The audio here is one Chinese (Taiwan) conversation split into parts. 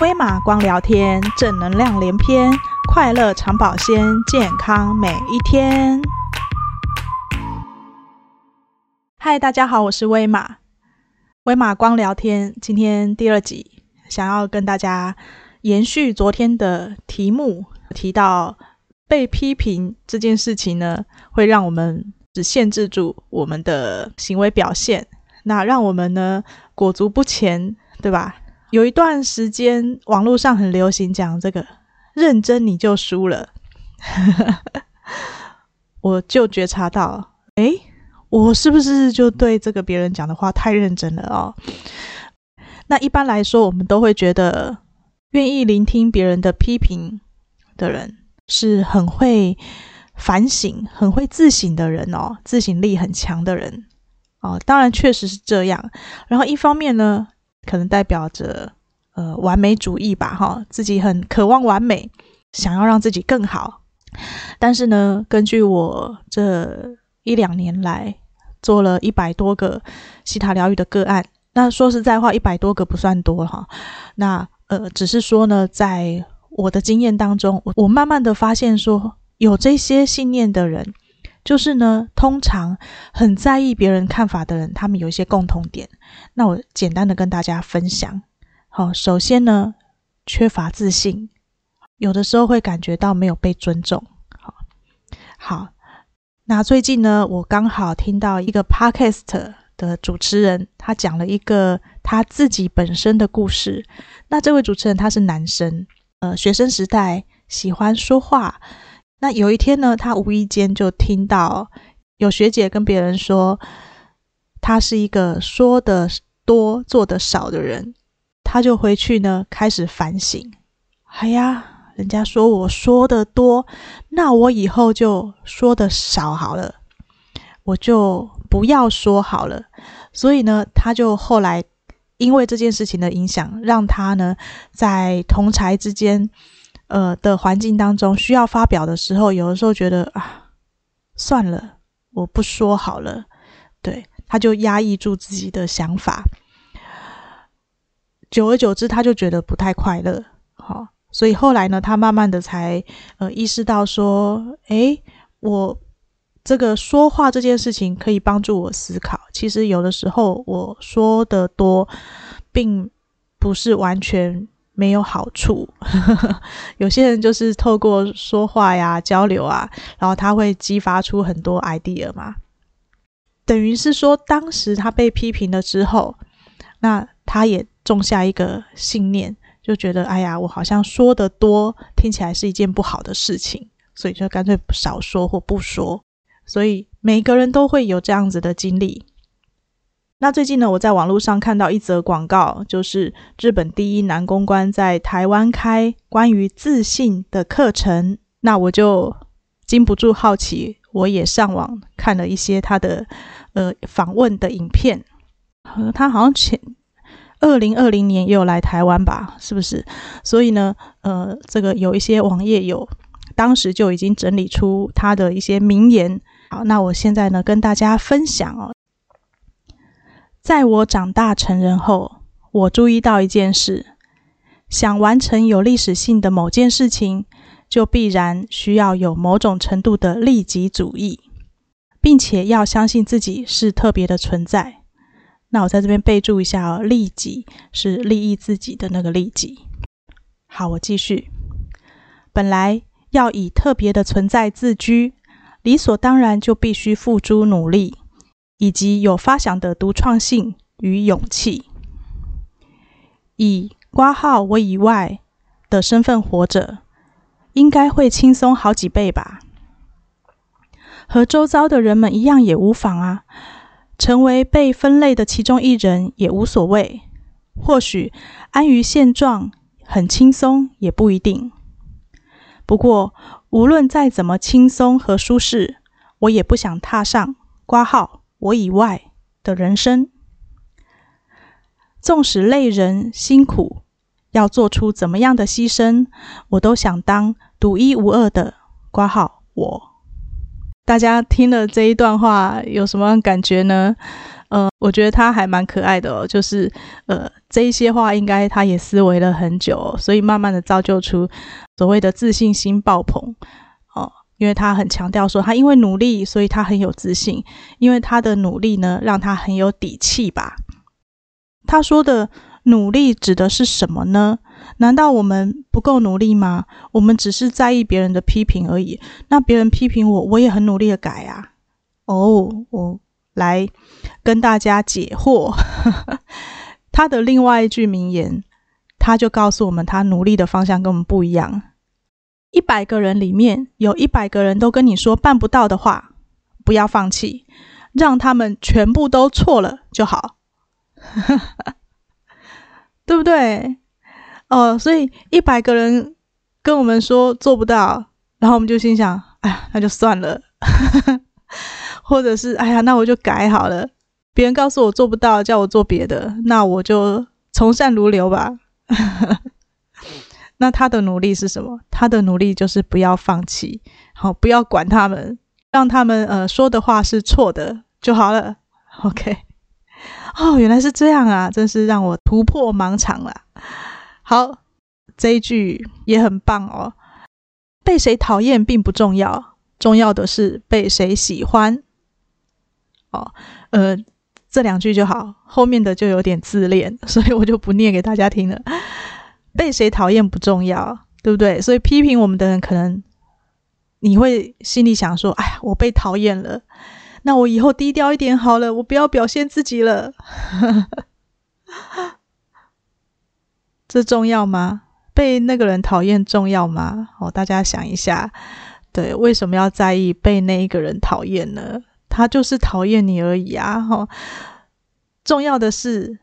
葳瑪光聊天，正能量連篇，快樂常保鮮，健康每一天。嗨，大家好，我是葳瑪。葳瑪光聊天，今天第二集，想要跟大家延續昨天的題目，提到被批評這件事情呢，會讓我們只限制住我們的行為表現，那讓我們呢裹足不前，對吧？有一段時間，網絡上很流行講這個“認真你就輸了”， 我就覺察到，誒、欸、我是不是就對這個別人講的話太認真了哦？那一般來說，我們都會覺得願意聆聽別人的批評的人，是很會反省、很會自省的人哦，自省力很強的人哦。當然，確實是這樣。然後一方面呢。可能代表着，呃，完美主義吧，哈，自己很渴望完美，想要讓自己更好。但是呢，根據我這一兩年來做了一百多個希塔療癒的個案，那說實在話，一百多個不算多，哈。那呃，只是說呢，在我的經驗當中，我慢慢的發現說，有這些信念的人。就是呢，通常很在意別人看法的人，他們有一些共同點。那我簡單的跟大家分享。好，首先呢，缺乏自信，有的時候會感覺到沒有被尊重。好，好，那最近呢，我剛好聽到一個 podcast 的主持人，他講了一個他自己本身的故事。那這位主持人他是男生，呃，學生時代喜歡說話。那有一天呢，他無意間就聽到有學姐跟別人說，他是一個說得多做得少的人，他就回去呢開始反省。哎呀，人家說我說得多，那我以後就說得少好了，我就不要說好了。所以呢，他就後來因為這件事情的影響，讓他呢在同儕之間。呃的環境當中，需要發表的時候，有的時候覺得啊，算了，我不說好了，對，他就壓抑住自己的想法，久而久之，他就覺得不太快樂，好、哦，所以後來呢，他慢慢的才呃意識到說，哎，我這個說話這件事情可以幫助我思考，其實有的時候我說的多，並不是完全。沒有好處， 有些人就是透過說話呀、交流啊，然後他會激發出很多 idea 嘛。等於是說，當時他被批評了之後，那他也種下一個信念，就覺得哎呀，我好像說的多，聽起來是一件不好的事情，所以就乾脆少說或不說。所以每個人都會有這樣子的經歷。那最近呢，我在網絡上看到一則廣告，就是日本第一男公關在台灣開關於自信的課程。那我就禁不住好奇，我也上網看了一些他的呃訪問的影片，呃，他好像前二零二零年也有來台灣吧，是不是？所以呢，呃，這個有一些網頁有，當時就已經整理出他的一些名言。好，那我現在呢，跟大家分享哦。在我長大成人後，我注意到一件事：想完成有歷史性的某件事情，就必然需要有某種程度的利己主義，並且要相信自己是特別的存在。那我在這邊備注一下哦，利己是利益自己的那個利己。好，我繼續。本來要以特別的存在自居，理所當然就必須付諸努力。以及有發想的獨創性與勇氣，以括號我以外的身份活着，應該會輕鬆好幾倍吧？和周遭的人們一樣也無妨啊。成為被分類的其中一人也無所謂。或許安於現狀很輕鬆，也不一定。不過，無論再怎麼輕鬆和舒適，我也不想踏上括號。我以外的人生，縱使累人辛苦，要做出怎麼樣的犧牲，我都想當獨一無二的，括號，我。大家聽了這一段話有什麼感覺呢？呃，我覺得他還蠻可愛的、哦，就是呃這一些話應該他也思維了很久，所以慢慢的造就出所謂的自信心爆棚。因為他很強調說，他因為努力，所以他很有自信。因為他的努力呢，讓他很有底氣吧。他說的努力指的是什麼呢？難道我們不夠努力嗎？我們只是在意別人的批評而已。那別人批評我，我也很努力的改啊。哦，我來跟大家解惑。 他的另外一句名言，他就告訴我們，他努力的方向跟我們不一樣。一百個人裡面有一百個人都跟你說辦不到的話，不要放棄，讓他們全部都錯了就好， 對不對？哦，所以一百個人跟我們說做不到，然後我們就心想：哎呀，那就算了； 或者是哎呀，那我就改好了。別人告訴我做不到，叫我做別的，那我就從善如流吧。 那他的努力是什麼？他的努力就是不要放棄，好，不要管他們，讓他們呃說的話是錯的就好了。OK，哦，原來是這樣啊，真是讓我突破盲腸了。好，這一句也很棒哦。被誰討厭並不重要，重要的是被誰喜歡。哦，呃，這兩句就好，後面的就有點自戀，所以我就不念給大家聽了。被誰討厭不重要，對不對？所以批評我們的人，可能你會心裡想說：“哎呀，我被討厭了，那我以後低調一點好了，我不要表現自己了。 ”這重要嗎？被那個人討厭重要嗎？哦，大家想一下，對，為什麼要在意被那一個人討厭呢？他就是討厭你而已啊。哈、哦。重要的是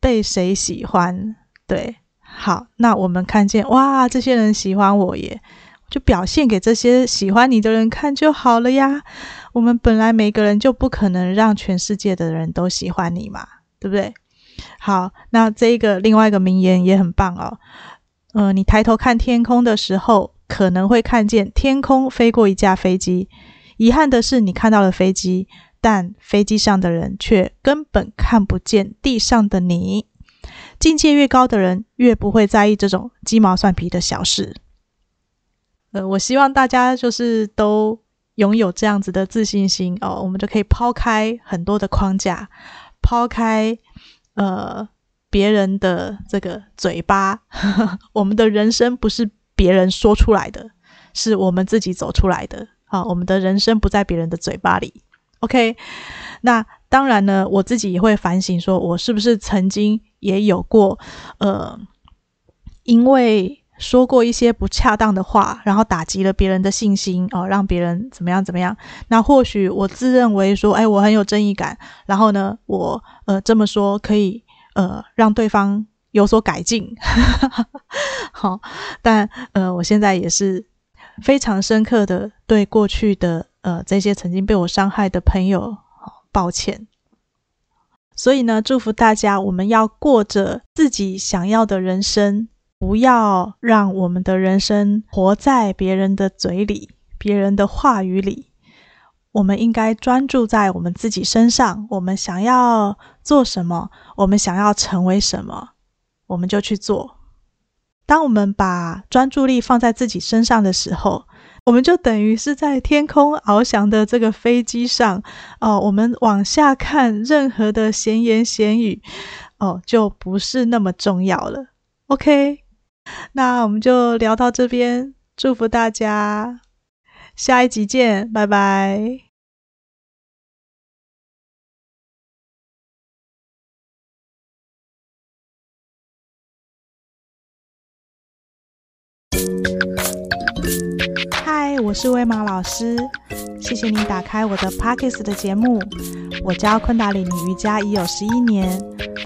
被誰喜歡，對。好，那我們看見，哇，這些人喜歡我耶，就表現給這些喜歡你的人看就好了呀。我們本來每個人就不可能讓全世界的人都喜歡你嘛，對不對？好，那這一個另外一個名言也很棒哦。嗯、呃，你抬頭看天空的時候，可能會看見天空飛過一架飛機。遺憾的是，你看到了飛機，但飛機上的人卻根本看不見地上的你。境界越高的人，越不會在意這種雞毛蒜皮的小事。呃，我希望大家就是都擁有這樣子的自信心哦，我們就可以拋開很多的框架，拋開呃別人的這個嘴巴。 我們的人生不是別人說出來的，是我們自己走出來的啊。我們的人生不在別人的嘴巴裡。OK，那當然呢，我自己也會反省，說我是不是曾經。也有過，呃，因為說過一些不恰當的話，然後打擊了別人的信心，哦、呃，讓別人怎麼樣怎麼樣。那或許我自認為說，哎，我很有正義感，然後呢，我呃這麼說可以，呃，讓對方有所改進。 好，但呃，我現在也是非常深刻的對過去的呃這些曾經被我傷害的朋友，抱歉。所以呢，祝福大家，我們要過着自己想要的人生，不要讓我們的人生活在別人的嘴裡、別人的話語裡。我們應該專注在我們自己身上，我們想要做什麼，我們想要成為什麼，我們就去做。當我們把專注力放在自己身上的時候，我們就等於是在天空翱翔的這個飛機上，哦、呃，我們往下看，任何的閒言閒語，哦、呃，就不是那麼重要了。OK，那我們就聊到這邊，祝福大家。下一集見，拜拜。嗨，我是葳瑪老師，謝謝你打開我的 Podcast 的節目。我教昆達里尼瑜伽已有十一年，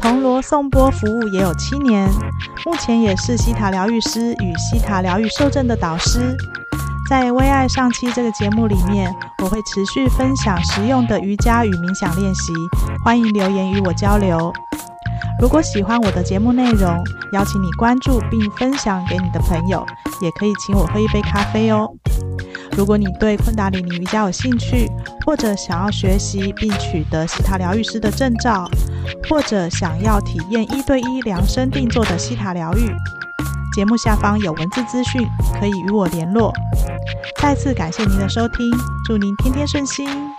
銅鑼頌缽服務也有七年，目前也是希塔療癒師與希塔療癒受證的導師。在葳愛上七這個節目裡面，我會持續分享實用的瑜伽與冥想練習，歡迎留言與我交流。如果喜歡我的節目內容，邀請你關注並分享給你的朋友，也可以請我喝一杯咖啡哦。如果你對昆達里尼瑜伽有興趣，或者想要學習並取得希塔療癒師的證照，或者想要體驗一對一量身定做的希塔療癒，節目下方有文字資訊，可以與我聯絡。再次感謝您的收聽，祝您天天順心。